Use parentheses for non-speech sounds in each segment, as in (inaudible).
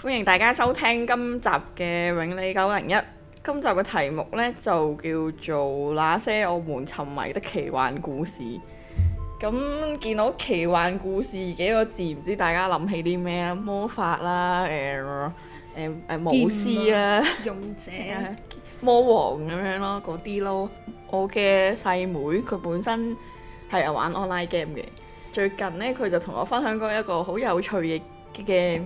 歡迎大家收聽今集嘅《永利九零一》。今集嘅題目呢，就叫做《那些我們沉迷的奇幻故事》。咁見到奇幻故事幾個字，唔知大家諗起啲咩？魔法啦，誒誒誒，巫師啦，勇者啊 (laughs) 魔王咁樣咯，嗰啲咯。我嘅細妹佢本身係玩 online game 嘅，最近呢，佢就同我分享過一個好有趣嘅嘅。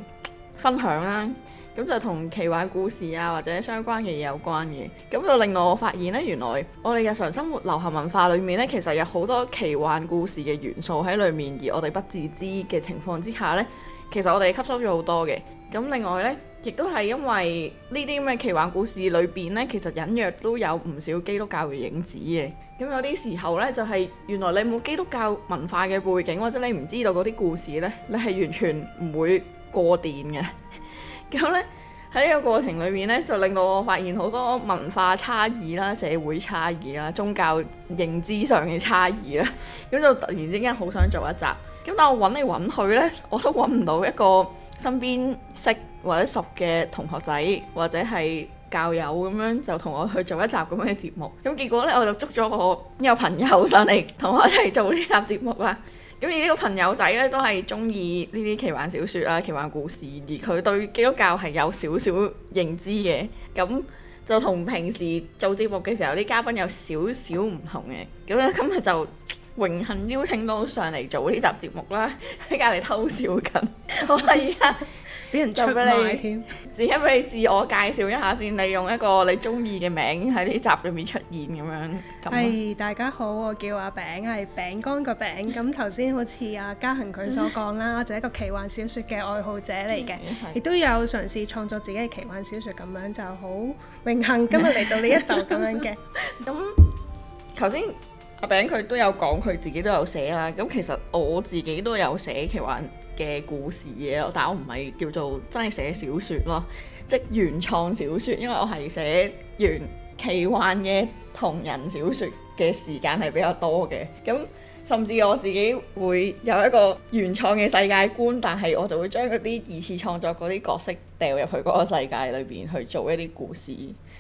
分享啦，咁就同奇幻故事啊或者相關嘅嘢有關嘅，咁就令我發現咧，原來我哋日常生活流行文化裏面咧，其實有好多奇幻故事嘅元素喺裏面，而我哋不自知嘅情況之下咧，其實我哋吸收咗好多嘅。咁另外咧，亦都係因為呢啲咁嘅奇幻故事裏邊咧，其實隱約都有唔少基督教嘅影子嘅。咁有啲時候咧，就係原來你冇基督教文化嘅背景，或者你唔知道嗰啲故事咧，你係完全唔會。過電嘅，咁咧，喺呢個過程裏面咧，就令到我發現好多文化差異啦、社會差異啦、宗教認知上嘅差異啦，咁 (laughs) 就突然之間好想做一集，咁但我揾嚟揾去咧，我都揾唔到一個身邊識或者熟嘅同學仔或者係教友咁樣就同我去做一集咁樣嘅節目，咁結果咧我就捉咗我呢個朋友上嚟同我一齊做呢集節目啦。咁而呢個朋友仔咧都係中意呢啲奇幻小説啊、奇幻故事，而佢對基督教係有少少認知嘅，咁就同平時做節目嘅時候啲嘉賓有少少唔同嘅。咁咧今日就榮幸邀請到上嚟做呢集節目啦，喺隔籬偷笑緊。好啊，依俾人出賣添， (laughs) 自己俾你自我介紹一下先。你用一個你中意嘅名喺呢集裏面出現咁樣，係、哎、大家好，我叫阿餅，係餅乾個餅。咁頭先好似阿嘉恒佢所講啦，就係 (laughs) 一個奇幻小説嘅愛好者嚟嘅，亦、 (laughs) 嗯、是都有嘗試創作自己嘅奇幻小説咁樣，就好榮幸今日嚟到呢一度咁樣嘅。咁頭先阿餅佢都有講佢自己都有寫啦，咁其實我自己都有寫奇幻嘅故事嘢，但係我唔係叫做真係寫小說咯，即原創小說，因為我係寫原奇幻嘅同人小說嘅時間係比較多嘅，咁甚至我自己會有一個原創嘅世界觀，但係我就會將嗰啲二次創作嗰啲角色掉入去嗰個世界裏邊去做一啲故事。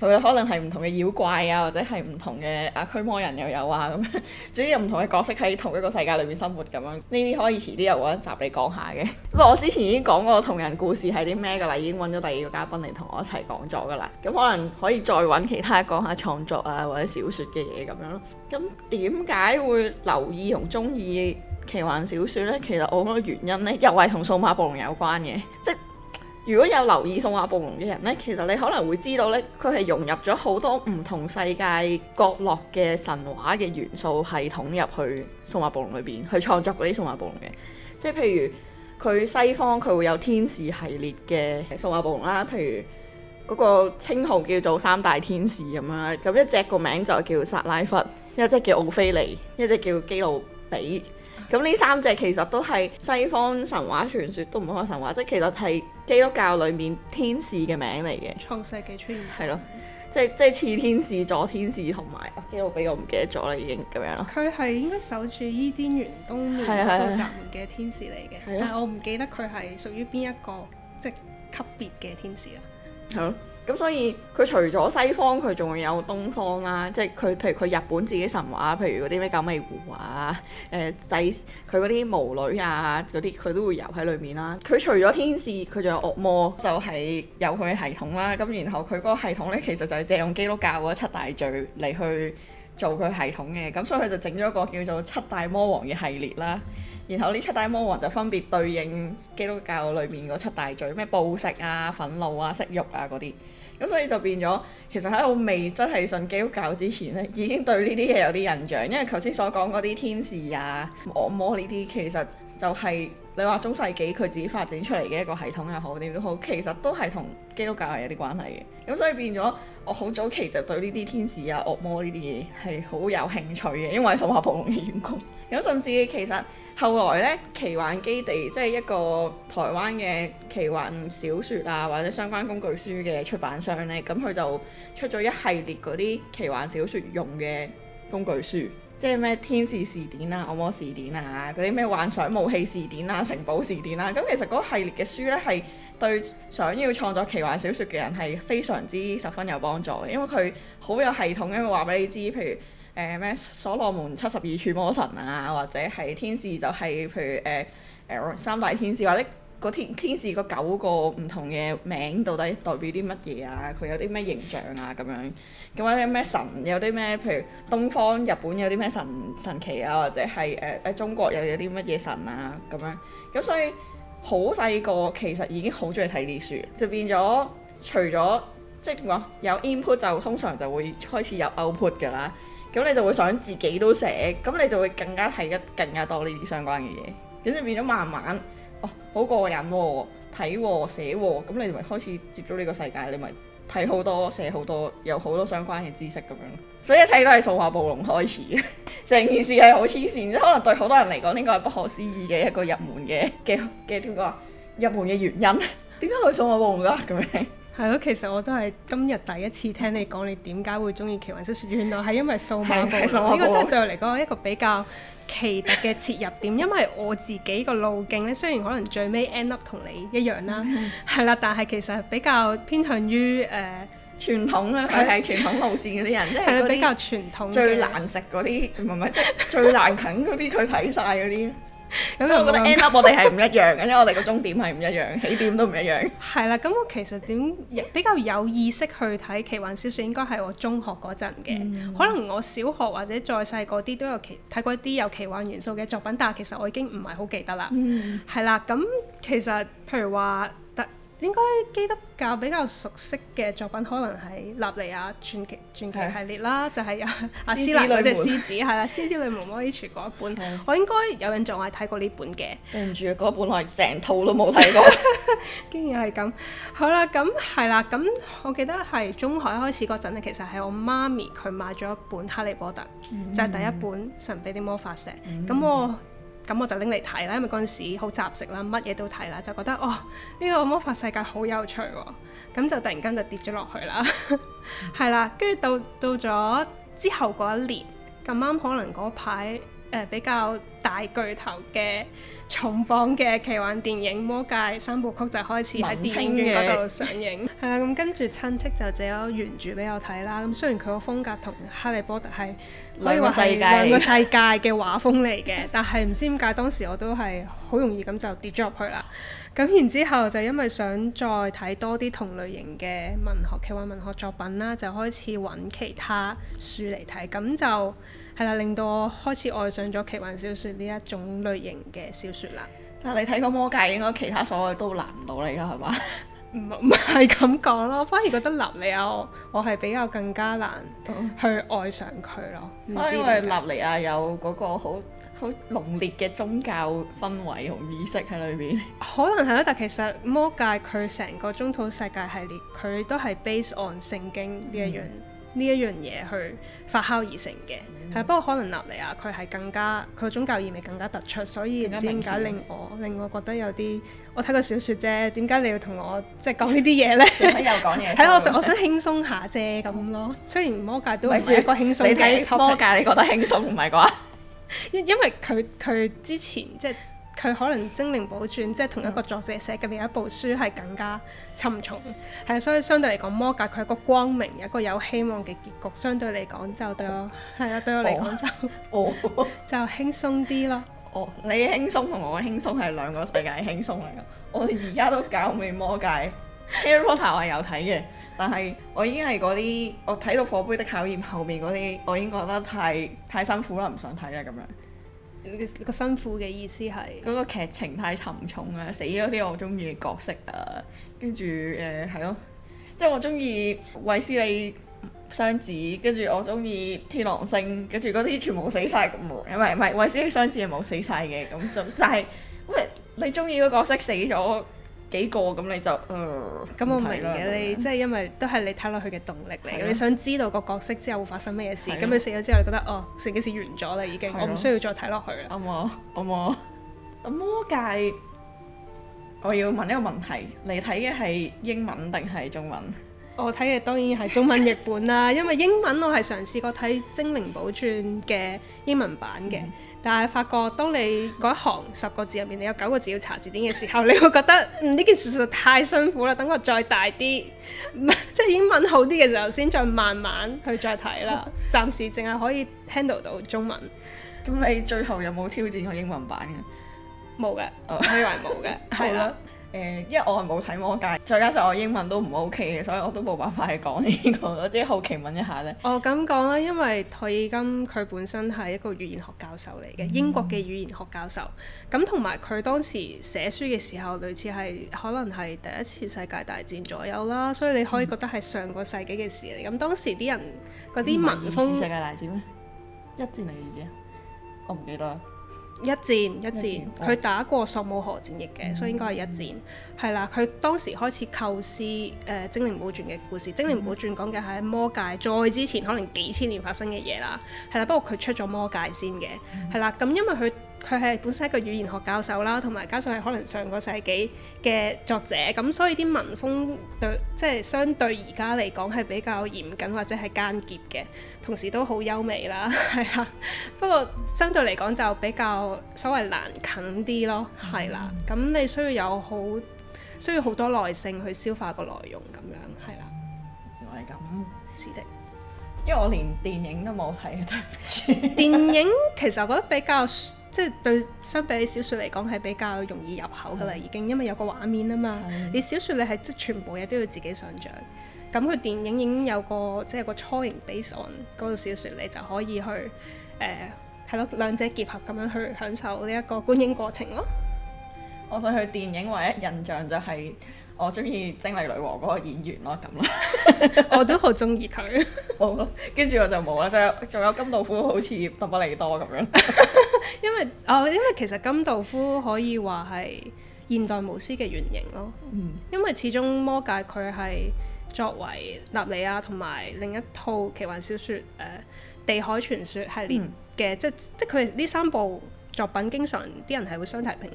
佢可能係唔同嘅妖怪啊，或者係唔同嘅啊驅魔人又有啊咁樣，總之有唔同嘅角色喺同一個世界裏面生活咁樣。呢啲可以遲啲有另一集畀你講下嘅，不 (laughs) 過我之前已經講過同人故事係啲咩㗎啦，已經揾咗第二個嘉賓嚟同我一齊講咗㗎啦。咁可能可以再揾其他講下創作啊或者小説嘅嘢咁樣咯。咁點解會留意同鍾意奇幻小説呢？其實我個原因呢，又係同數碼暴龍有關嘅，即如果有留意《數碼暴龍》嘅人呢，其實你可能會知道呢，佢係融入咗好多唔同世界角落嘅神話嘅元素系統入去《數碼暴龍》裏邊，去創作嗰啲《數碼暴龍》嘅。即係譬如佢西方佢會有天使系列嘅數碼暴龍啦，譬如嗰個稱號叫做三大天使咁樣，咁一隻個名就叫薩拉弗，一隻叫奧菲尼，一隻叫基魯比。咁呢三隻其實都係西方神話傳說，都唔可以神話，即係其實係基督教裡面天使嘅名嚟嘅。創世紀出現係咯，即係即係似天使座天使同埋基路比我，我唔記得咗啦已經咁樣咯。佢係應該守住伊甸園東面嗰個閘門嘅天使嚟嘅，但係我唔記得佢係屬於邊一個即係級別嘅天使啦。係咯。咁所以佢除咗西方，佢仲有東方啦，即係佢譬如佢日本自己神話，譬如嗰啲咩九尾狐啊，誒、呃，使佢嗰啲巫女啊嗰啲，佢都會游喺裏面啦。佢除咗天使，佢仲有惡魔，就係有佢嘅系統啦。咁然後佢個系統咧，其實就係借用基督教嗰七大罪嚟去做佢系統嘅。咁所以佢就整咗一個叫做《七大魔王》嘅系列啦。然後呢七大魔王就分別對應基督教裏面嗰七大罪，咩暴食啊、憤怒啊、色欲啊嗰啲，咁所以就變咗。其實喺我未真係信基督教之前咧，已經對呢啲嘢有啲印象。因為頭先所講嗰啲天使啊、惡魔呢啲，其實就係、是、你話中世紀佢自己發展出嚟嘅一個系統又好點都好，其實都係同基督教係有啲關係嘅。咁所以變咗，我好早期就對呢啲天使啊、惡魔呢啲嘢係好有興趣嘅，因為數碼暴龍嘅原因，咁甚至其實。後來咧，奇幻基地即係一個台灣嘅奇幻小說啊，或者相關工具書嘅出版商咧，咁佢就出咗一系列嗰啲奇幻小說用嘅工具書，即係咩天使事，事典啊、惡魔事典啊、嗰啲咩幻想武器事典啊、城堡事典啊。咁其實嗰系列嘅書咧係對想要創作奇幻小說嘅人係非常之十分有幫助嘅，因為佢好有系統嘅，因為話俾你知，譬如。誒咩、呃、所羅門七十二柱魔神啊，或者係天使就係譬如誒、呃呃、三大天使，或者個天天使個九個唔同嘅名到底代表啲乜嘢啊？佢有啲咩形象啊？咁樣咁或者咩神有啲咩？譬如東方日本有啲咩神神奇啊，或者係誒喺中國又有啲乜嘢神啊？咁樣咁，所以好細個其實已經好中意睇呢啲書，就係變咗除咗即係點講有 input 就通常就會開始有 output 㗎啦。咁 (noise) 你就會想自己都寫，咁你就會更加睇得更加多呢啲相關嘅嘢，咁就變咗慢慢，哦、啊，好過癮喎、啊，睇喎寫喎，咁、啊、你咪開始接觸呢個世界，你咪睇好多寫好多，有好多相關嘅知識咁樣。所以一切都係數碼暴龍開始嘅，成件事係好黐線，即可能對好多人嚟講，呢個係不可思議嘅一個入門嘅嘅嘅點講啊，入門嘅原因，點解去數碼暴龍啊咁樣？ (laughs) 係咯，其實我都係今日第一次聽你講你點解會中意奇幻小說，嗯、原來係因為數碼部。係數碼部。呢個真係對我嚟講一個比較奇特嘅切入點， (laughs) 因為我自己個路徑咧，雖然可能最尾 end up 同你一樣啦，係啦、嗯，但係其實比較偏向於誒、呃、傳統啊。佢係傳統路線嗰啲人，即係比較傳統、最難食嗰啲，唔係唔係，即、就、係、是、最難啃嗰啲，佢睇晒嗰啲。咁 (music) 我覺得 N 級我哋係唔一樣嘅，因為 (laughs) 我哋個終點係唔一樣，起點都唔一樣。係啦， (laughs) 咁我其實點比較有意識去睇奇幻小說，應該係我中學嗰陣嘅。嗯、可能我小學或者再細嗰啲都有奇睇過一啲有奇幻元素嘅作品，但係其實我已經唔係好記得啦。係啦、嗯，咁其實譬如話。應該基督教比較熟悉嘅作品，可能係《納尼亞傳奇》傳奇系列啦，的就係阿阿斯蘭嗰隻獅子係啦， (laughs) 《獅子女巫》呢個一本，的我應該有人仲係睇過呢本嘅。對唔住嗰本我係成套都冇睇過。 (laughs) 竟然係咁，好啦，咁係啦，咁、嗯、我記得係中學開始嗰陣咧，其實係我媽咪佢買咗一本《哈利波特》嗯，就係第一本《神秘啲魔法石》嗯。咁、嗯、我咁我就拎嚟睇啦，因為嗰陣時好雜食啦，乜嘢都睇啦，就覺得哦，呢個魔法世界好有趣喎、哦，咁就突然間就跌咗落去啦，係 (laughs) 啦，跟住到到咗之後嗰一年，咁啱可能嗰排。誒、呃、比較大巨頭嘅重磅嘅奇幻電影《魔戒》三部曲就開始喺電影院嗰度上映。係啦清、 (laughs) 嗯，咁跟住親戚就借咗原著俾我睇啦。咁、嗯、雖然佢個風格同《哈利波特》係可以話係兩個世界嘅畫風嚟嘅， (laughs) 但係唔知點解當時我都係好容易咁就跌咗入去啦。咁然之後就因為想再睇多啲同類型嘅文學奇幻文學作品啦，就開始揾其他書嚟睇。咁就。係啦，令到我開始愛上咗奇幻小説呢一種類型嘅小説啦。但係你睇過魔戒，應該其他所有都難唔到你啦，係嘛？唔，唔係咁講咯，反而覺得納尼亞我係比較更加難去愛上佢咯。唔、知為，但因為納尼亞有嗰個好好濃烈嘅宗教氛圍同意識喺裏邊。嗯、可能係啦、啊，但其實魔戒佢成個中土世界系列，佢都係 base on 聖經呢一樣。呢一樣嘢去發酵而成嘅，係啦、嗯。不過可能納尼亞，佢係更加佢種教義味更加突出，所以點解令我令我覺得有啲我睇過小説啫，點解你要同我即係講呢啲嘢咧？ (laughs) 又講嘢，係啦，我想我想輕鬆下啫咁 (laughs) 咯。雖然魔戒都係一個輕鬆嘅，魔戒你覺得輕鬆唔係啩？因 (laughs) 因為佢佢之前即係。佢可能《精靈寶鑽》即係同一個作者寫嘅另一部書係更加沉重，係 (laughs) 所以相對嚟講，《魔戒》佢係個光明一個有希望嘅結局，相對嚟講就對我係啊、oh.，對我嚟講就就輕鬆啲咯。哦，oh. 你嘅輕鬆同我嘅輕鬆係兩個世界嘅輕鬆嚟。 (laughs) 我哋而家都搞唔起魔戒》，《Harry Potter》我係有睇嘅，但係我已經係嗰啲我睇到《火杯的考驗》後面嗰啲，我已經覺得太太辛苦啦，唔想睇啦咁樣。你個辛苦嘅意思係？嗰個劇情太沉重啊！死咗啲我中意嘅角色啊，跟住誒係咯，即係我中意衛斯理雙子，跟住我中意天狼星，跟住嗰啲全部死晒。咁啊！唔係唔係，衛斯理雙子係冇死晒嘅，咁就但係 (laughs) 喂，你中意嗰角色死咗。幾個咁你就、呃，咁我明嘅你，即係因為都係你睇落去嘅動力嚟，你啦想知道個角色之後會發生咩事，咁啦你死咗之後你覺得，哦，成件事完咗啦已經，啦我唔需要再睇落去啦，好唔好啱唔啱？魔戒我，我，我要問一個問題，你睇嘅係英文定係中文？我睇嘅當然係中文譯本啦，enrich Live Pri achsen 因為英文我係嘗試過睇《精靈寶鑽》嘅英文版嘅。 (laughs) 但係發覺，當你嗰行十個字入面，你有九個字要查字典嘅時候，你會覺得呢、 (laughs) 嗯、件事實太辛苦啦。等我再大啲， (laughs) 即係英文好啲嘅時候，先再慢慢去再睇啦。 (laughs) 暫時淨係可以 handle 到中文。咁你最後有冇挑戰過英文版嘅？冇嘅，oh. 我以為冇嘅，係啦 (laughs) 的。誒，因為我係冇睇《魔戒》，再加上我英文都唔 OK 嘅，所以我都冇辦法去講呢、呢個。我只係好奇問一下咧。我咁講啦，因為泰金佢本身係一個語言學教授嚟嘅，嗯、英國嘅語言學教授。咁同埋佢當時寫書嘅時候，類似係可能係第一次世界大戰左右啦，所以你可以覺得係上個世紀嘅事嚟。咁、嗯、當時啲人嗰啲文風唔似世界大戰咩？一戰定二戰？我唔記得。一戰、一戰，佢戰打過索姆河戰役嘅，嗯、所以應該係一戰。係啦、嗯，佢當時開始構思誒、呃《精靈寶鑽》嘅故事，嗯《精靈寶鑽》講嘅係魔戒再之前可能幾千年發生嘅嘢啦。係啦，不過佢出咗魔戒先嘅。係啦、嗯，咁因為佢。佢係本身一個語言學教授啦，同埋加上係可能上個世紀嘅作者，咁所以啲文風對即係相對而家嚟講係比較嚴謹或者係艱澀嘅，同時都好優美啦，係啊。不過相對嚟講就比較所謂難啃啲咯，係啦、嗯。咁你需要有好需要好多耐性去消化個內容咁樣，係啦。原來係咁，是的。是的，因為我連電影都冇睇，對唔住。 (laughs) 電影其實我覺得比較。即係對，相比起小説嚟講係比較容易入口㗎啦，已經，因為有個畫面啊嘛。嗯、你小説你係即全部嘢都要自己想像，咁佢電影已經有個即係個初型 based on 嗰個小説，你就可以去誒係咯，兩、呃、者結合咁樣去享受呢一個觀影過程咯。我對佢電影唯一印象就係、是。我中意《精靈女王》嗰個演員咯，咁啦。 (laughs) (laughs) 我都 (laughs) 好中意佢。好啦，跟住我就冇啦，仲有仲有，金道夫好似鄧不利多咁樣。 (laughs) (laughs) 因為啊、哦，因為其實金道夫可以話係現代巫師嘅原型咯。嗯。因為始終魔界佢係作為納尼亞同埋另一套奇幻小説誒、呃《地海傳說》系列嘅、嗯，即即佢呢三部作品經常啲人係會相提評論。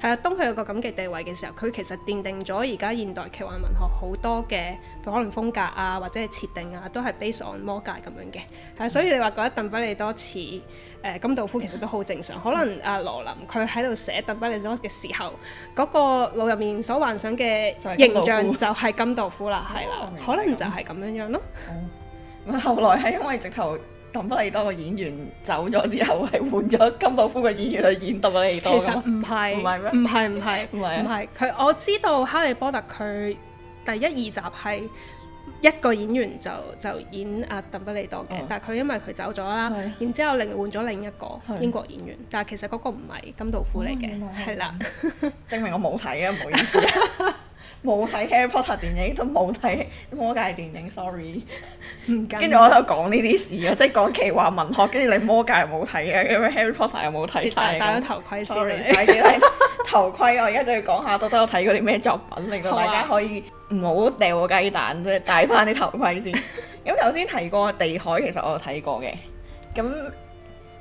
係啦，嗯、當佢有個咁嘅地位嘅時候，佢其實奠定咗而家現代奇幻文學好多嘅可能風格啊，或者係設定啊，都係 based on 魔戒咁樣嘅。係、嗯，所以你話覺得鄧不利多似誒、呃、甘道夫其實都好正常。嗯、可能阿、啊、羅琳佢喺度寫鄧不利多嘅時候，嗰、那個腦入面所幻想嘅形象就係甘道夫啦，係啦，哦、可能就係咁樣樣咯。咁、嗯嗯、後來係因為直頭。 (laughs) (laughs) 鄧不利多個演員走咗之後，係換咗金道夫嘅演員去演鄧不利多。其實唔係，唔係咩？唔係唔係，唔係。佢、 (laughs) 啊、我知道《哈利波特》佢第一二集係一個演員就就演阿鄧不利多嘅，嗯、但係佢因為佢走咗啦， (laughs) 然之後另換咗另一個英國演員，是但係其實嗰個唔係金道夫嚟嘅，係啦。證明我冇睇啊，唔好意思。 (laughs) 冇睇《Harry Potter》電影，都冇睇魔戒電影，sorry。跟住我喺度講呢啲事啊，即係講奇幻文學。跟住你魔戒又冇睇啊。 (laughs) 《Harry Potter》又冇睇晒，戴頭盔先 Sorry，戴住戴頭盔。 (laughs) 我而家就要講下，到底我有睇過啲咩作品，令到、啊、大家可以唔好掉雞蛋即係。戴翻啲頭盔先。咁頭先提過《地海》，其實我有睇過嘅。咁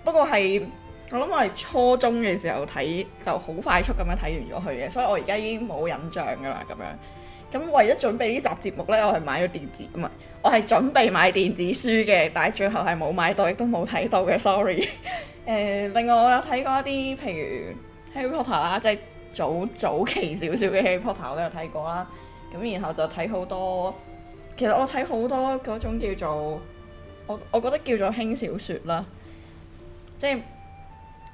不過係。我諗我係初中嘅時候睇，就好快速咁樣睇完咗佢嘅，所以我而家已經冇印象㗎啦。咁樣咁為咗準備呢集節目咧，我係買咗電子唔係，我係準備買電子書嘅，但係最後係冇買到，亦都冇睇到嘅。sorry。誒、 (laughs) 呃，另外我有睇過一啲譬如 Harry Potter 啦，即係早早期少少嘅 Harry Potter 我都有睇過啦。咁然後就睇好多，其實我睇好多嗰種叫做我我覺得叫做輕小說啦，即係。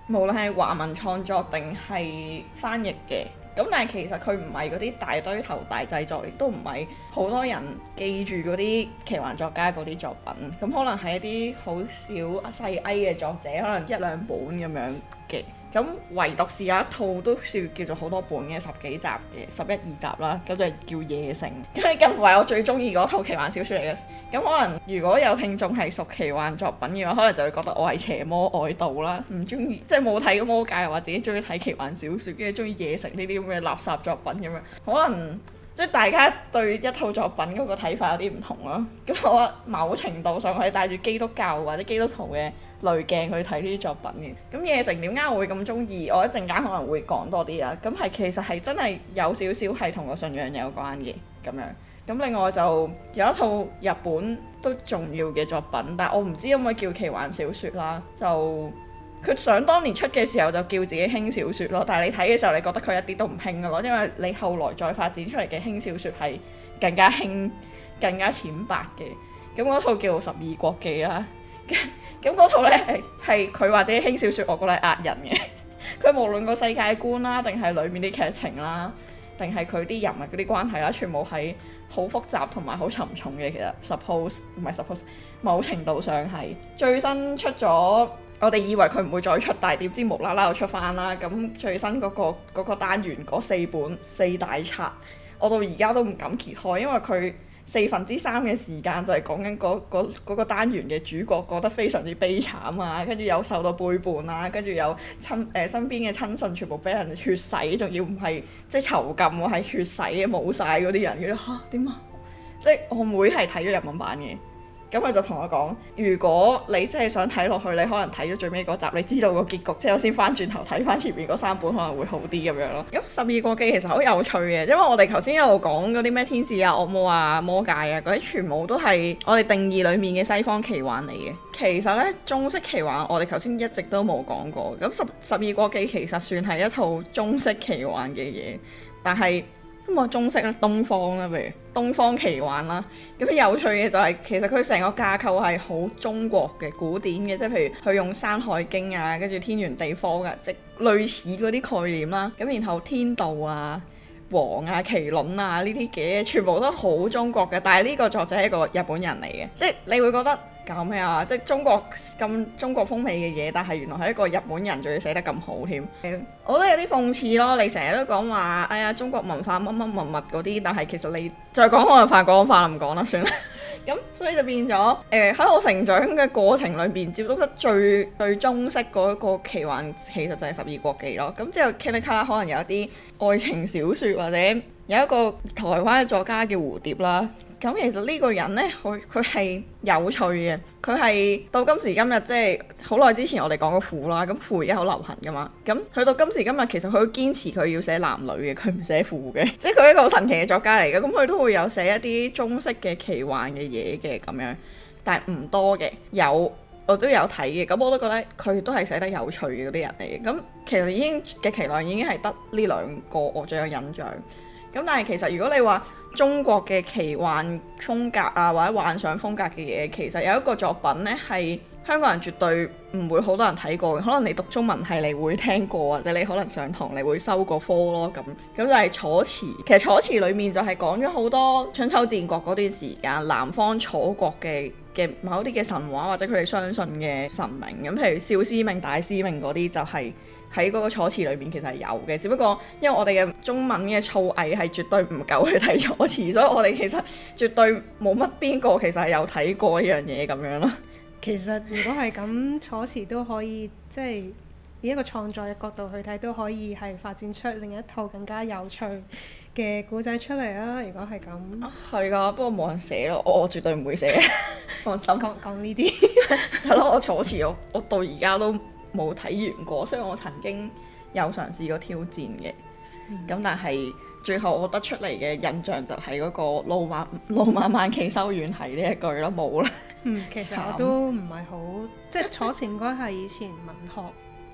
無論係華文創作定係翻譯嘅，咁但係其實佢唔係嗰啲大堆頭大製作，亦都唔係好多人記住嗰啲奇幻作家嗰啲作品，咁可能係一啲好少細藝嘅作者，可能一兩本咁樣嘅。咁唯獨是有一套都算叫做好多本嘅十幾集嘅十一二集啦，咁就叫《夜城》，咁係近乎係我最中意嗰套奇幻小說嚟嘅。咁可能如果有聽眾係熟奇幻作品嘅話，可能就會覺得我係邪魔外道啦，唔中意即係冇睇過魔戒又話自己中意睇奇幻小說，跟住中意《夜城》呢啲咁嘅垃圾作品咁樣，可能。即係大家對一套作品嗰個睇法有啲唔同咯。咁 (laughs) 我某程度上係帶住基督教或者基督徒嘅濾鏡去睇呢啲作品嘅。咁夜城點解我會咁中意？我一陣間可能會講多啲啦。咁係其實係真係有少少係同個信仰有關嘅咁樣。咁另外就有一套日本都重要嘅作品，但我唔知可唔可以叫奇幻小說啦。就佢想當年出嘅時候就叫自己輕小說咯，但係你睇嘅時候你覺得佢一啲都唔輕嘅咯，因為你後來再發展出嚟嘅輕小說係更加輕、更加淺白嘅。咁嗰套叫《十二國記》啦，咁嗰套呢，係佢話自己輕小說我過嚟呃人嘅。佢 (laughs) 無論個世界觀啦，定係裡面啲劇情啦，定係佢啲人物嗰啲關係啦，全部係好複雜同埋好沉重嘅。其實 suppose 唔係 suppose，某程度上係最新出咗。我哋以為佢唔會再出，但係點知無啦啦又出翻啦。咁最新嗰、嗰個嗰、嗰個、單元嗰四本四大冊，我到而家都唔敢揭開，因為佢四分之三嘅時間就係講緊嗰嗰個單元嘅主角覺得非常之悲慘啊，跟住有受到背叛啊，跟住有親誒、呃、身邊嘅親信全部俾人血洗，仲要唔係即係囚禁喎，係血洗啊，冇晒嗰啲人。跟住嚇點啊？即係我妹係睇咗日文版嘅。咁佢就同我講，如果你真係想睇落去，你可能睇咗最尾嗰集，你知道個結局，之後先翻轉頭睇翻前面嗰三本可能會好啲咁樣咯。咁《十二國記》其實好有趣嘅，因為我哋頭先一路講嗰啲咩天使啊、惡魔啊、魔界啊嗰啲，全部都係我哋定義裡面嘅西方奇幻嚟嘅。其實呢，中式奇幻我哋頭先一直都冇講過。咁《十十二國記》其實算係一套中式奇幻嘅嘢，但係，咁我中式啦，東方啦，譬如《東方奇幻》啦，咁有趣嘅就係、是、其實佢成個架構係好中國嘅古典嘅，即、就、係、是、譬如佢用《山海經》啊，跟住天圓地方啊，即係類似嗰啲概念啦，咁然後天道啊。王啊，麒麟啊，呢啲嘅全部都好中國嘅，但係呢個作者係一個日本人嚟嘅，即係你會覺得搞咩啊？即係中國咁中國風味嘅嘢，但係原來係一個日本人仲要寫得咁好添。誒、嗯，我都有啲諷刺咯，你成日都講話，哎呀，中國文化乜乜物物嗰啲，但係其實你再講犯國安法就唔講啦，算啦。 (laughs) 咁所以就變咗，誒、呃、喺我成長嘅過程裏邊，接觸得最最中式嗰一個奇幻，其實就係十二國記咯。咁之後 Candy Car 可能有一啲愛情小說或者。有一個台灣嘅作家叫蝴蝶啦。咁其實呢個人呢，佢佢係有趣嘅。佢係到今時今日，即係好耐之前我哋講過父啦，咁父而家好流行噶嘛。咁去到今時今日，其實佢會堅持佢要寫男女嘅，佢唔寫父嘅。即係佢一個好神奇嘅作家嚟嘅。咁佢都會有寫一啲中式嘅奇幻嘅嘢嘅咁樣，但係唔多嘅。有我都有睇嘅。咁我都覺得佢都係寫得有趣嗰啲人嚟嘅。咁其實已經嘅期間已經係得呢兩個我最有印象。咁但係其實如果你話中國嘅奇幻風格啊，或者幻想風格嘅嘢，其實有一個作品呢，係香港人絕對唔會好多人睇過嘅，可能你讀中文係你會聽過，或者你可能上堂你會收過科咯咁。咁就係《楚辭》，其實《楚辭》裡面就係講咗好多春秋戰國嗰段時間南方楚國嘅嘅某啲嘅神話或者佢哋相信嘅神明咁，譬如少司命、大司命嗰啲就係、是。喺嗰個楚辭裏邊其實係有嘅，只不過因為我哋嘅中文嘅造詣係絕對唔夠去睇楚辭，所以我哋其實絕對冇乜邊個其實係有睇過一樣嘢咁樣咯。其實如果係咁，楚辭都可以，即係以一個創作嘅角度去睇，都可以係發展出另一套更加有趣嘅故仔出嚟啊！如果係咁，係噶、啊，不過冇人寫咯，我我絕對唔會寫。放心。講講呢啲。係說咯， (laughs) (laughs) 我楚辭我我到而家都。冇睇完過，所以我曾經有嘗試過挑戰嘅，咁、嗯、但係最後我得出嚟嘅印象就係嗰個路漫路漫漫其修遠兮呢一句咯，冇啦。嗯，其實我都唔係好， (laughs) 即係楚辭歌係以前文學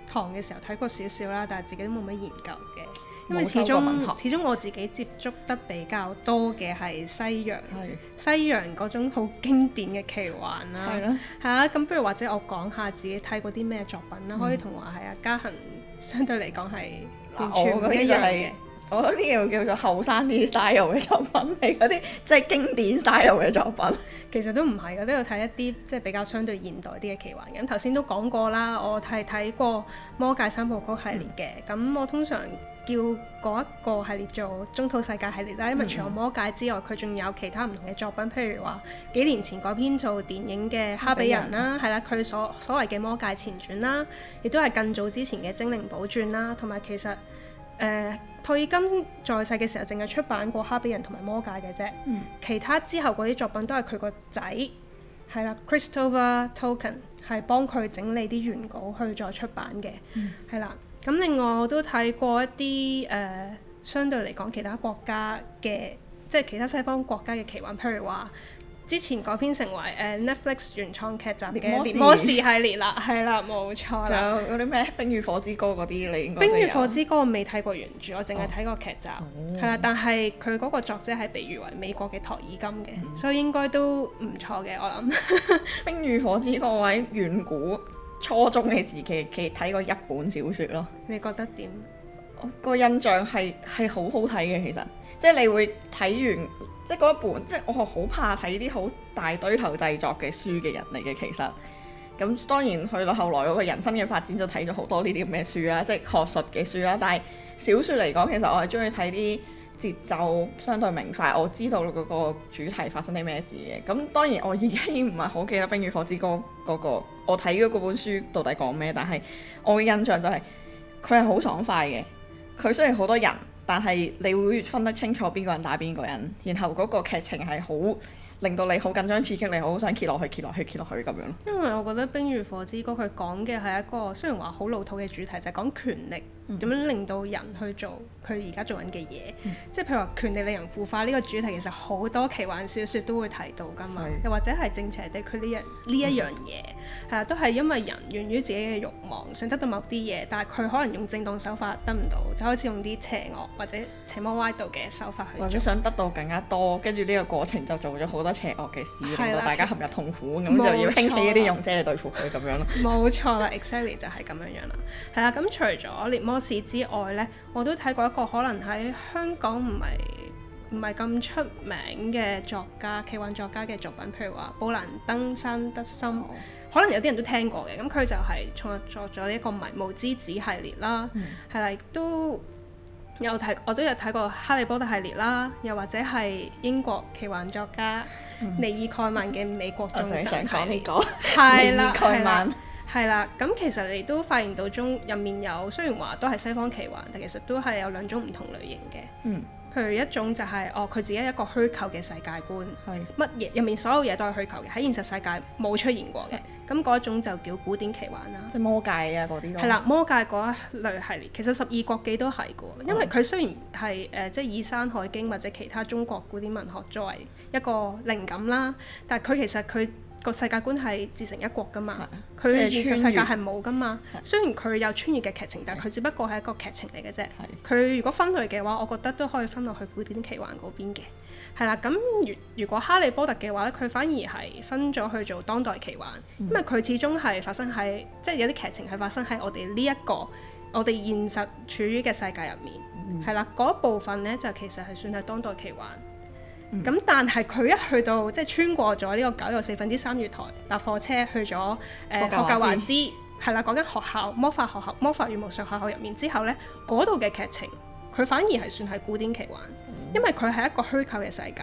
堂嘅時候睇過少少啦，但係自己都冇乜研究嘅。因為始終，始終我自己接觸得比較多嘅係西洋，的西洋嗰種好經典嘅奇幻啦、啊。係咯的。嚇、啊！咁不如或者我講下自己睇過啲咩作品啦，嗯、可以同話係啊，嘉恒相對嚟講係完全唔一樣嘅、就是。我覺得呢個叫叫做後生啲 style 嘅作品，嚟，嗰啲即係經典 style 嘅作品。其實都唔係嘅，都有睇一啲即係比較相對現代啲嘅奇幻。咁頭先都講過啦，我係睇過《魔戒三部曲》系列嘅。咁、嗯、我通常，叫嗰一個系列做中土世界系列啦，因為除咗魔戒之外，佢仲、嗯、有其他唔同嘅作品，譬如話幾年前嗰篇做電影嘅哈比人啦，係啦，佢所所謂嘅魔戒前傳啦，亦都係更早之前嘅精靈寶鑽啦，同埋其實誒、呃、托爾金在世嘅時候，淨係出版過哈比人同埋魔戒嘅啫，嗯、其他之後嗰啲作品都係佢個仔係啦，Christopher Tolkien 係幫佢整理啲原稿去再出版嘅，係啦、嗯。咁另外我都睇過一啲誒、呃，相對嚟講其他國家嘅，即係其他西方國家嘅奇幻，譬如話之前改編成為誒、呃、Netflix 原創劇集嘅《魔石》系列啦，係啦，冇錯。仲有啲咩《冰與火之歌》嗰啲，你應該都有。《冰與火之歌》我未睇過原著，我淨係睇過劇集，係啦。但係佢嗰個作者係被譽為美國嘅托爾金嘅，所以應該都唔錯嘅。我諗《冰與火之歌》位遠古。初中嘅時期，其實睇過一本小説咯。你覺得點？我個印象係係好好睇嘅，其實即係你會睇完即係嗰一本，即係我係好怕睇啲好大堆頭製作嘅書嘅人嚟嘅。其實咁當然去到後來我個人生嘅發展就睇咗好多呢啲咁嘅書啦，即係學術嘅書啦。但係小説嚟講，其實我係鍾意睇啲，節奏相對明快，我知道嗰個主題發生啲咩事嘅。咁當然我已經唔係好記得《冰與火之歌》嗰個，我睇嗰本書到底講咩，但係我嘅印象就係佢係好爽快嘅。佢雖然好多人，但係你會分得清楚邊個人打邊個人，然後嗰個劇情係好令到你好緊張、刺激，你好想揭落去、揭落去、揭落去咁樣。因為我覺得《冰與火之歌》佢講嘅係一個雖然話好老土嘅主題，就係講權力。咁樣令到人去做佢而家做緊嘅嘢？即係譬如話，權力令人腐化呢個主題其實好多奇幻小說都會提到㗎嘛。又或者係正邪對抗呢一呢一樣嘢，係啦，都係因為人源於自己嘅慾望，想得到某啲嘢，但係佢可能用正當手法得唔到，就開始用啲邪惡或者邪魔歪道嘅手法去。或者想得到更加多，跟住呢個過程就做咗好多邪惡嘅事，令到大家陷入痛苦，咁就要興起一啲勇者嚟對付佢咁樣咯。冇錯啦，exactly 就係咁樣樣啦。係啦，咁除咗之外呢，我都睇過一個可能喺香港唔係唔係咁出名嘅作家，奇幻作家嘅作品，譬如話布蘭登山德森，可能有啲人都聽過嘅。咁佢就係創作咗呢一個迷霧之子系列啦，係啦、嗯，都有睇我都有睇過哈利波特系列啦，又或者係英國奇幻作家、嗯、尼爾蓋曼嘅美國眾神我就想講呢個，係啦的，係啦。 (laughs) (laughs) 係啦，咁其實你都發現到中入面有，雖然話都係西方奇幻，但其實都係有兩種唔同類型嘅。嗯。譬如一種就係哦佢自己一個虛構嘅世界觀，係乜嘢入面所有嘢都係虛構嘅，喺現實世界冇出現過嘅。咁嗰一種就叫古典奇幻啦，即係魔界啊嗰啲咯。係啦，魔界嗰一類系列，其實《十二國記》都係嘅，因為佢雖然係誒即係以《山海經》或者其他中國古典文學作為一個靈感啦，但佢其實佢。個世界觀係自成一國㗎嘛，佢現實世界係冇㗎嘛。的雖然佢有穿越嘅劇情，的但係佢只不過係一個劇情嚟嘅啫。佢的如果分類嘅話，我覺得都可以分落去古典奇幻嗰邊嘅。係啦，咁如如果哈利波特嘅話咧，佢反而係分咗去做當代奇幻，因為佢始終係發生喺，即係、嗯、有啲劇情係發生喺我哋呢一個我哋現實處於嘅世界入面。係啦、嗯，嗰部分呢，就其實係算係當代奇幻。嗯咁、嗯、但係佢一去到即係、就是、穿過咗呢個九又四分之三月台搭火車去咗誒霍格華茲，係啦，嗰間學校,學校魔法學校、魔法與巫術學校入面之後呢，嗰度嘅劇情佢反而係算係古典奇幻，嗯、因為佢係一個虛構嘅世界，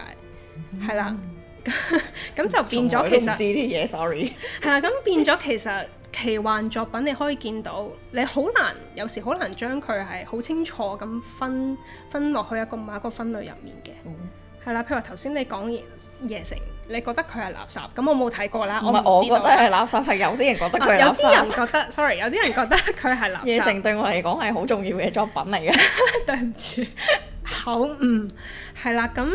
係啦、嗯，咁就變咗其實。從來都唔知啲嘢，sorry。係啦 (laughs) 咩，咁變咗其實奇幻作品你可以見到，你好難有時好難將佢係好清楚咁分分落去一個某一個分類入面嘅。嗯係啦，譬如頭先你講《夜城》，你覺得佢係垃圾，咁我冇睇過啦，嗯、我我覺得係垃圾，係有啲人覺得佢係垃圾。啊、有啲人覺得 (laughs) ，sorry，有啲人覺得佢係垃圾。《夜城、 (laughs) 嗯 (laughs) (laughs) 》對我嚟講係好重要嘅作品嚟嘅。對唔住，口誤係啦，咁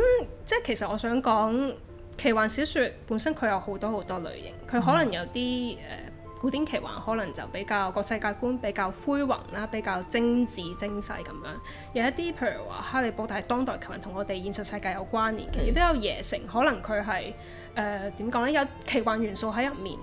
即係其實我想講奇幻小説本身佢有好多好多類型，佢可能有啲誒。嗯古典奇幻可能就比較個世界觀比較灰朦啦，比較精致精細咁樣。有一啲譬如話哈利波特係當代奇幻，同我哋現實世界有關聯嘅，亦都有夜城，可能佢係誒點講咧？有奇幻元素喺入面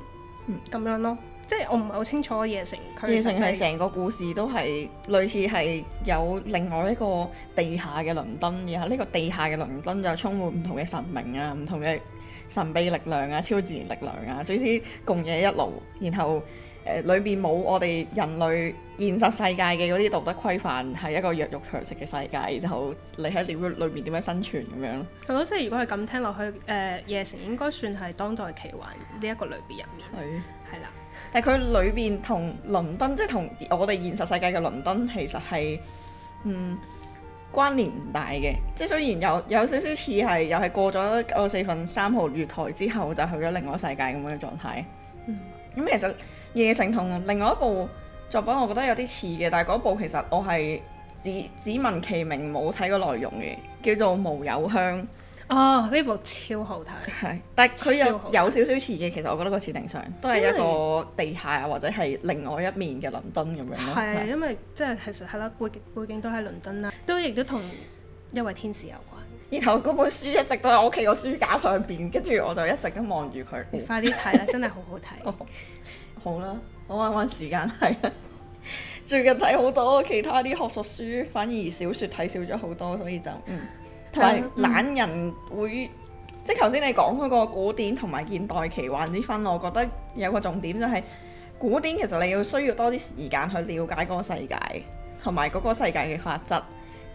嗯，咁樣咯。即係我唔係好清楚夜城佢成。夜城係成個故事都係類似係有另外一個地下嘅倫敦，然後呢個地下嘅倫敦就充滿唔同嘅神明啊、唔同嘅神秘力量啊、超自然力量啊，總之共冶一爐。然後誒裏邊冇我哋人類現實世界嘅嗰啲道德規範，係一個弱肉強食嘅世界。然後你喺呢個裏邊點樣生存咁樣？係咯、嗯，即係如果係咁聽落去，誒夜城應該算係當代奇幻呢一個類別入面。係對。係啦。但係佢裏邊同倫敦，即係同我哋現實世界嘅倫敦其實係嗯關聯唔大嘅，即係雖然有有少少似係，又係過咗九四分三號月台之後就去咗另外世界咁樣嘅狀態。咁、嗯嗯、其實夜城同另外一部作品，我覺得有啲似嘅，但係嗰部其實我係只只聞其名冇睇過內容嘅，叫做無有鄉。哦，呢、oh，部超好睇。係，但係佢又有少少似嘅，其實我覺得個設定上都係一個地下啊，為或者係另外一面嘅倫敦咁樣咯。係對，對因為即係其實係咯，背景背景都喺倫敦啦，都亦都同一位天使有關。然後嗰本書一直都喺我屋企個書架上邊，跟住我就一直咁望住佢。你快啲睇啦， (laughs) 真係好、oh，好睇。好啦，我揾揾時間係啦。 (laughs) 最近睇好多其他啲學術書，反而小說睇少咗好多，所以就嗯。同埋懶人會，即係頭先你講嗰個古典同埋現代奇幻之分，我覺得有個重點就係古典其實你要需要多啲時間去了解嗰個世界，同埋嗰個世界嘅法則。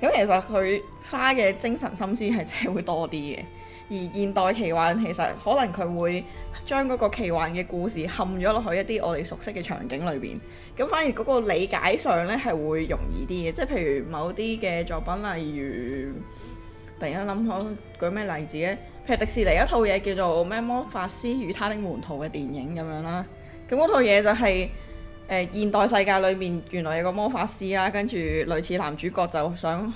咁其實佢花嘅精神心思係真係會多啲嘅。而現代奇幻其實可能佢會將嗰個奇幻嘅故事陷咗落去一啲我哋熟悉嘅場景裏邊。咁反而嗰個理解上咧係會容易啲嘅，即係譬如某啲嘅作品，例如。突然間諗開舉咩例子咧？譬如迪士尼一套嘢叫做咩《魔法師與他的門徒》嘅電影咁樣啦。咁嗰套嘢就係、是、誒、呃、現代世界裏面原來有個魔法師啦，跟住類似男主角就想誒誤、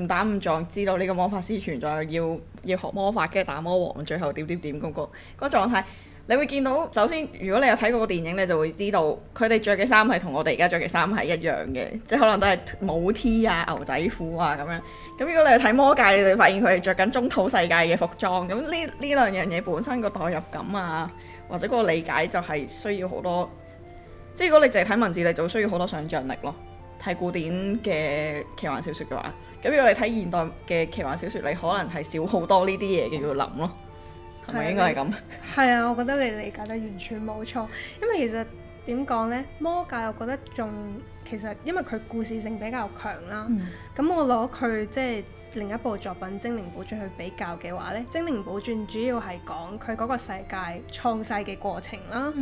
呃、打誤撞知道呢個魔法師存在要，要要學魔法跟住打魔王，最後點點點咁個、嗰個狀態。你會見到，首先如果你有睇過個電影，你就會知道佢哋着嘅衫係同我哋而家着嘅衫係一樣嘅，即係可能都係舞 T 啊、牛仔褲啊咁樣。咁如果你去睇《魔戒》，你就會發現佢哋着緊中土世界嘅服裝。咁呢呢兩樣嘢本身個代入感啊，或者個理解就係需要好多。即係如果你淨係睇文字，你就需要好多想像力咯。睇古典嘅奇幻小説嘅話，咁如果你睇現代嘅奇幻小説，你可能係少好多呢啲嘢嘅要諗咯。係應該係咁。係啊，我覺得你理解得完全冇錯。因為其實點講呢？魔戒我覺得仲其實因為佢故事性比較強啦。咁、嗯、我攞佢即係另一部作品《精靈寶鑽》去比較嘅話呢，《精靈寶鑽》主要係講佢嗰個世界創世嘅過程啦。係啦、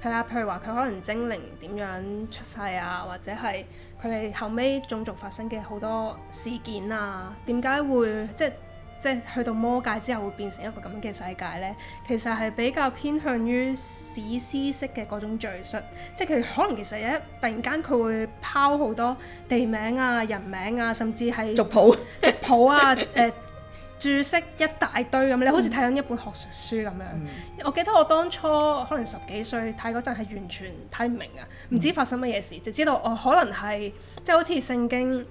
嗯啊，譬如話佢可能精靈點樣出世啊，或者係佢哋後尾種族發生嘅好多事件啊，點解會即係。即係去到魔界之後會變成一個咁嘅世界呢，其實係比較偏向於史詩式嘅嗰種敘述，即係佢可能其實一突然間佢會拋好多地名啊、人名啊，甚至係族譜、族譜族譜啊、誒、 (laughs) 呃、注釋一大堆咁，你好似睇緊一本學術書咁樣。嗯、我記得我當初可能十幾歲睇嗰陣係完全睇唔明啊，唔知發生乜嘢事，嗯、就知道哦，可能係即係好似聖經。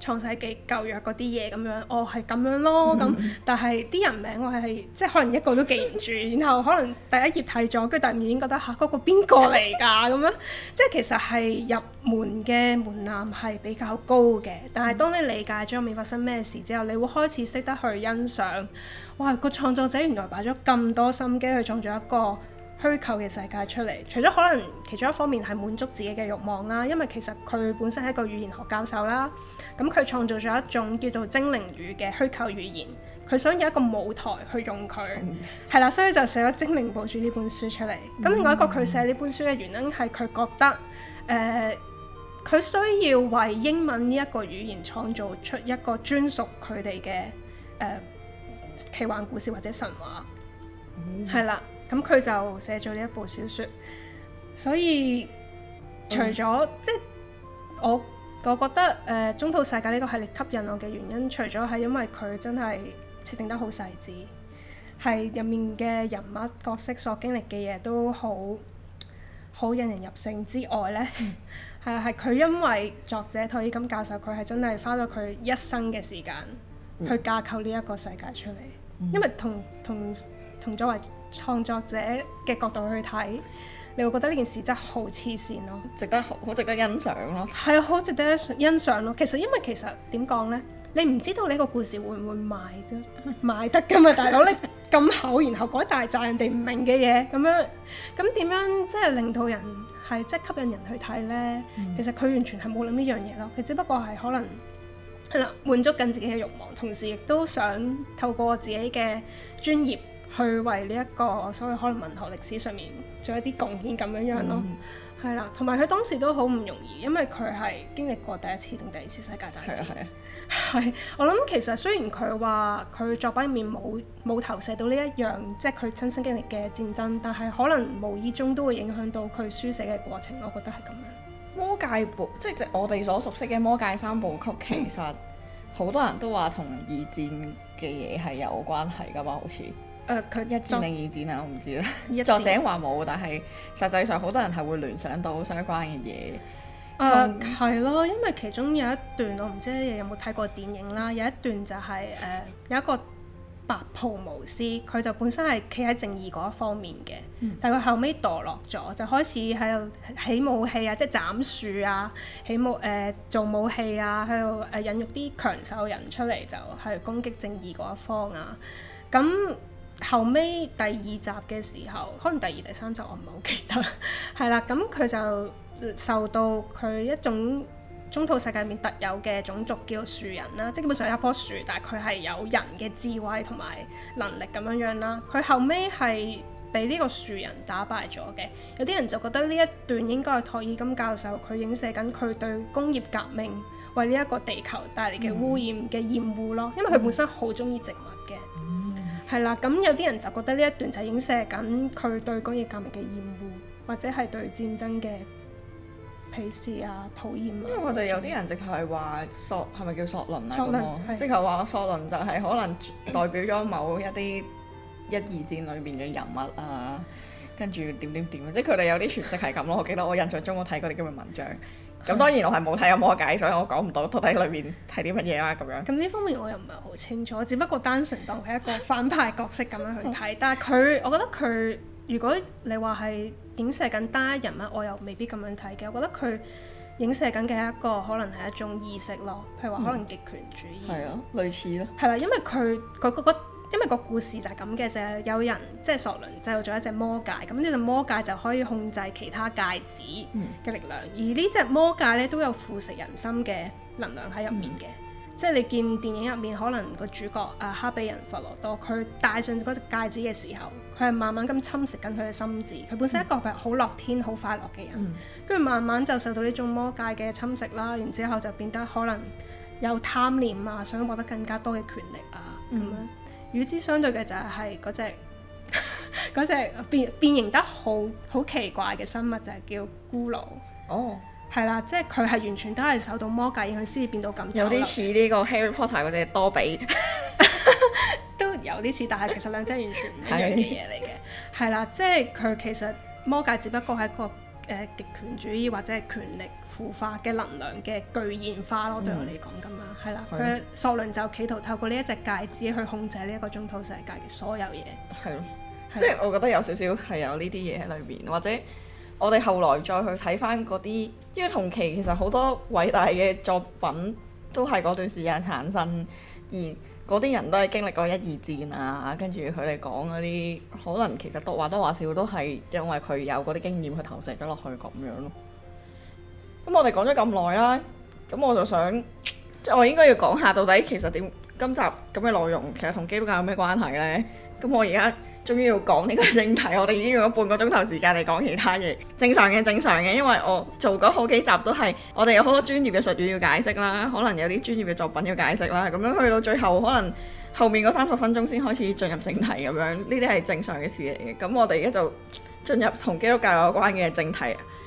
創世記、舊約嗰啲嘢咁樣。哦，係咁樣咯，咁、嗯，但係啲人名我係即係可能一個都記唔住， (laughs) 然後可能第一頁睇咗，跟住突然已經覺得吓嗰、啊，嗰個邊個嚟㗎咁樣，即係其實係入門嘅門檻係比較高嘅，但係當你理解咗未發生咩事之後，嗯、你會開始識得去欣賞，哇、嗰個創作者原來擺咗咁多心機去創作一個虛構嘅世界出嚟，除咗可能其中一方面係滿足自己嘅欲望啦，因為其實佢本身係一個語言學教授啦，咁佢創造咗一種叫做精靈語嘅虛構語言，佢想有一個舞台去用佢，係、嗯、啦，所以就寫咗《精靈寶鑽》呢本書出嚟。咁、嗯、另外一個佢寫呢本書嘅原因係佢覺得，誒、呃，佢需要為英文呢一個語言創造出一個專屬佢哋嘅誒奇幻故事或者神話，係、嗯、啦。咁佢就寫咗呢一部小説，所以除咗、嗯、即我我覺得誒、呃《中土世界》呢個系列吸引我嘅原因，除咗係因為佢真係設定得好細緻，係入面嘅人物角色所經歷嘅嘢都好好引人入勝之外呢係啦，佢、嗯、 (laughs) 因為作者托爾金教授佢係真係花咗佢一生嘅時間去架構呢一個世界出嚟，嗯、因為同同同作為。創作者嘅角度去睇，你會覺得呢件事真係好黐線咯，值得好值得欣賞咯，係啊，好值得欣賞咯。其實因為其實點講呢？你唔知道呢個故事會唔會賣得賣得㗎嘛，大佬你咁厚， (laughs) 然後改大曬人哋唔明嘅嘢，咁樣咁點樣即係令到人係即係吸引人去睇呢？嗯、其實佢完全係冇諗呢樣嘢咯，佢只不過係可能係啦，滿足緊自己嘅慾望，同時亦都想透過自己嘅專業。去為呢、這、一個所謂可能文學歷史上面做一啲貢獻咁樣樣咯，係啦、嗯，同埋佢當時都好唔容易，因為佢係經歷過第一次定第二次世界大戰？係係。係，我諗其實雖然佢話佢作品入面冇冇投射到呢一樣，即係佢親身經歷嘅戰爭，但係可能無意中都會影響到佢書寫嘅過程。我覺得係咁樣。魔戒部，即、就、係、是、我哋所熟悉嘅魔戒三部曲，其實好多人都話同二戰嘅嘢係有關係噶嘛，好似。誒佢、呃、一戰定二戰啊？我唔知啦。作者話冇， (laughs) 但係實際上好多人係會聯想到相關嘅嘢。誒係咯，不因為其中有一段我唔知你有冇睇過電影啦。有一段就係、是、誒、呃、有一個白袍巫師，佢就本身係企喺正義嗰一方面嘅，嗯、但係佢後尾墮落咗，就開始喺度起武器啊，即係斬樹啊，起武誒、呃、做武器啊，喺度誒引誘啲強獸人出嚟就係攻擊正義嗰一方啊。咁後尾第二集嘅時候，可能第二第三集我唔係好記得，係 (laughs) 啦，咁佢就受到佢一種中土世界入面特有嘅種族叫樹人啦，即係基本上一棵樹，但係佢係有人嘅智慧同埋能力咁樣樣啦。佢後尾係俾呢個樹人打敗咗嘅。有啲人就覺得呢一段應該係托爾金教授佢影射緊佢對工業革命為呢一個地球帶嚟嘅污染嘅厭惡咯，嗯、因為佢本身好中意植物嘅。嗯。係啦，咁有啲人就覺得呢一段就影射緊佢對工業革命嘅厭惡，或者係對戰爭嘅鄙視啊、討厭啊。因為我哋有啲人直頭係話索係咪叫索倫啊？咁嘛倫，直頭話索倫就係可能代表咗某一啲一、二戰裏面嘅人物啊，嗯、跟住點點點，即係佢哋有啲傳説係咁咯。 (laughs) 我記得我印象中我睇嗰啲咁嘅文章。咁、嗯、當然我係冇睇咁多解，所以我講唔到到底裏面係啲乜嘢啦咁樣。咁呢方面我又唔係好清楚，只不過單純當係一個反派角色咁樣去睇。 (laughs) 但係佢，我覺得佢，如果你話係影射緊單一人物，我又未必咁樣睇嘅。我覺得佢影射緊嘅一個可能係一種意識咯，譬如話可能極權主義。係、嗯、啊，類似咯。係啦、啊，因為佢佢因為個故事就係咁嘅，就係、是、有人即係、就是、索倫製造咗一隻魔戒，咁呢隻魔戒就可以控制其他戒指嘅力量。嗯、而呢隻魔戒咧都有腐蝕人心嘅能量喺入面嘅，嗯、即係你見電影入面可能個主角啊哈比人佛羅多，佢戴上嗰隻戒指嘅時候，佢係慢慢咁侵蝕緊佢嘅心智。佢本身一個好樂天、好快樂嘅人，跟住、嗯、慢慢就受到呢種魔戒嘅侵蝕啦，然之後就變得可能有貪念啊，想獲得更加多嘅權力啊咁、嗯、樣。與之相對嘅就係嗰隻隻變變形得好好 (laughs) 奇怪嘅生物就係、是、叫咕嚕。哦。係啦，即係佢係完全都係受到魔戒影響先至變到咁醜。有啲似呢個《Harry Potter》嗰隻多比。 (laughs) (laughs) 都有啲似，但係其實兩隻完全唔一樣嘅嘢嚟嘅。係 (laughs) 是 (laughs) 啦，即係佢其實魔戒只不過係一個。誒、呃、極權主義或者係權力腐化嘅能量嘅具現化咯，嗯、我對我嚟講咁啊，係啦、嗯，佢的索倫就企圖透過呢一隻戒指去控制呢一個中土世界嘅所有嘢。係咯，即係我覺得有少少係有呢啲嘢喺裏面，或者我哋後來再去睇返嗰啲，因為同期其實好多偉大嘅作品都係嗰段時間產生，而。嗰啲人都係經歷過一二戰啊，跟住佢哋講嗰啲，可能其實都話多話少都係因為佢有嗰啲經驗去投射咗落去咁樣咯。咁我哋講咗咁耐啦，咁我就想，即係我應該要講下，到底其實點？今集咁嘅內容其實同基督教有咩關係咧？咁我而家。終於要講呢個正題，我哋已經用咗半個鐘頭時間嚟講其他嘢。正常嘅，正常嘅，因為我做過好幾集都係，我哋有好多專業嘅術語要解釋啦，可能有啲專業嘅作品要解釋啦，咁樣去到最後，可能後面嗰三十分鐘先開始進入正題咁樣，呢啲係正常嘅事嚟嘅。咁我哋而家就進入同基督教有關嘅正題。